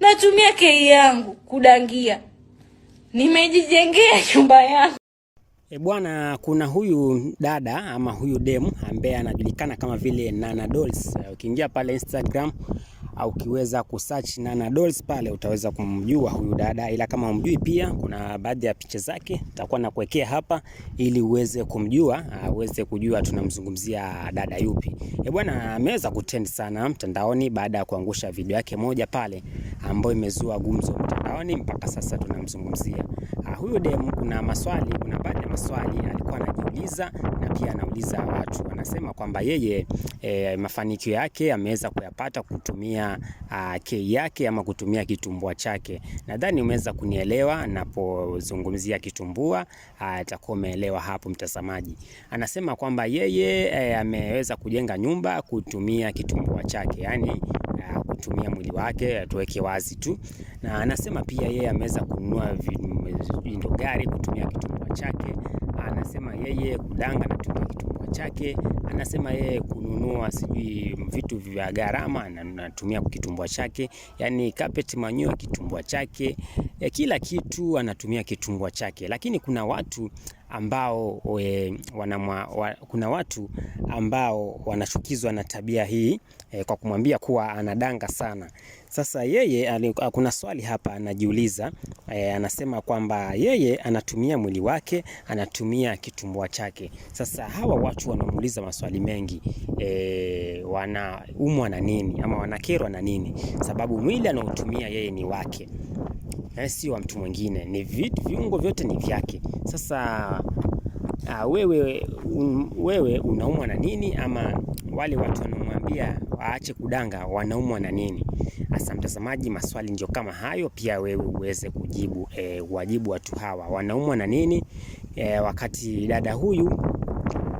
natumia kei yangu kudangia, nimejijengea nyumba yangu. E bwana, kuna huyu dada ama huyu demu ambaye anajulikana kama vile Nana Dolls. Ukiingia pale Instagram au ukiweza kusearch Nana Dolls pale utaweza kumjua huyu dada, ila kama umjui pia kuna baadhi ya picha zake nitakuwa nakuwekea hapa ili uweze kumjua, uweze kujua tunamzungumzia dada yupi. Eh bwana, ameweza kutend sana mtandaoni baada ya kuangusha video yake moja pale ambayo imezua gumzo mtandaoni. Mpaka sasa tunamzungumzia ah, huyu dem. Kuna maswali, kuna baadhi ya maswali alikuwa na anauliza na pia anauliza watu, anasema kwamba yeye e, mafanikio yake ameweza kuyapata kutumia a, ah, kei yake ama kutumia kitumbua chake. Nadhani umeweza kunielewa napozungumzia kitumbua, ah, atakuwa umeelewa hapo mtazamaji. Anasema kwamba yeye e, ameweza kujenga nyumba kutumia kitumbua chake, yani ah, kutumia mwili wake, tuweke wazi tu na anasema pia yeye ameweza kununua vindo gari kutumia kitumbua chake. Anasema yeye kudanga anatumia kitumbua chake. Anasema yeye kununua sijui vitu vya gharama anatumia kitumbua chake, yani carpet manyoya kitumbua chake e, kila kitu anatumia kitumbua chake, lakini kuna watu ambao we, wanama, wa, kuna watu ambao wanachukizwa na tabia hii e, kwa kumwambia kuwa anadanga sana. Sasa yeye ah, kuna swali hapa anajiuliza e, anasema kwamba yeye anatumia mwili wake, anatumia kitumbua chake. Sasa hawa watu wanamuuliza maswali mengi e, wanaumwa na nini ama wanakerwa na nini? Sababu mwili anaotumia yeye ni wake e, eh, sio wa mtu mwingine, ni viungo vyote ni vyake. Sasa a, ah, wewe, un, wewe unaumwa na nini ama wale watu kuambia waache kudanga, wanaumwa na nini? asa mtazamaji, maswali ndio kama hayo, pia wewe uweze kujibu e, wajibu watu hawa wanaumwa na nini e, wakati dada huyu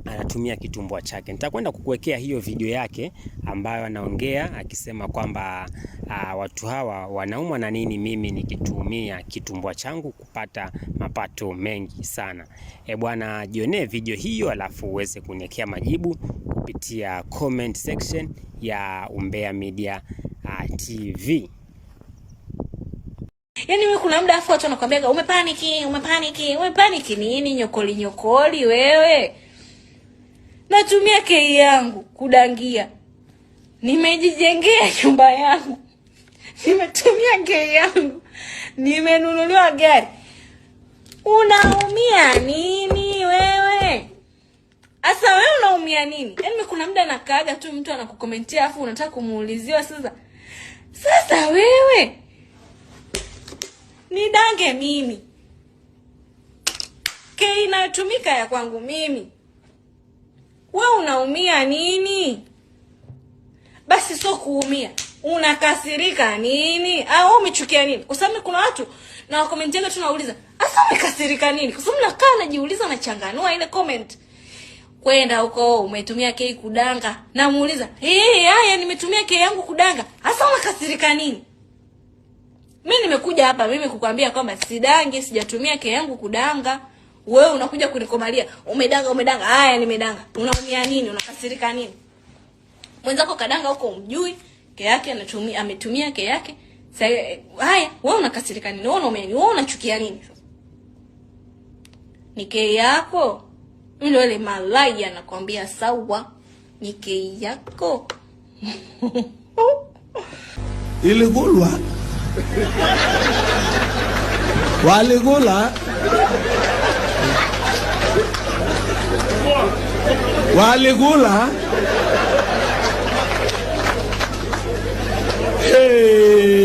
anatumia kitumbua chake. Nitakwenda kukuwekea hiyo video yake ambayo anaongea akisema kwamba ah, watu hawa wanaumwa na nini, mimi nikitumia kitumbua changu kupata mapato mengi sana. E bwana, jionee video hiyo alafu uweze kuniwekea majibu kupitia comment section ya Umbea Media uh, TV. Yaani wewe kuna muda afu watu wanakuambia umepaniki, umepaniki, umepaniki nini nyokoli nyokoli wewe? Natumia kei yangu kudangia. Nimejijengea nyumba yangu. Nimetumia kei yangu. Nimenunuliwa gari. Unaumia nini? Asa wewe unaumia nini? Yaani kuna muda nakaaga tu mtu anakukomentia afu unataka kumuuliziwa sasa. Sasa wewe nidange mimi ke inayotumika ya kwangu mimi, we unaumia nini? Basi sio kuumia, unakasirika nini? au ah, umechukia nini? Kwa sababu kuna watu na wakomentiaga tu, nauliza umekasirika nini? Kwa sababu nakaa najiuliza, nachanganua ile comment kwenda huko umetumia kei kudanga, namuuliza hey, haya nimetumia kei yangu kudanga, hasa unakasirika nini? Mimi nimekuja hapa mimi kukwambia kwamba sidangi, sijatumia kei yangu kudanga. Wewe unakuja kunikomalia umedanga, umedanga. Haya, nimedanga. Unaumia nini? Unakasirika nini? Mwenzako kadanga huko, umjui kei yake anatumia, ametumia kei yake. Haya, wewe unakasirika nini? Wewe unaumia nini? Wewe unachukia nini? Ni kei yako ile wale malaya anakwambia sawa, nyike yako iligulwa waligula waligula hey.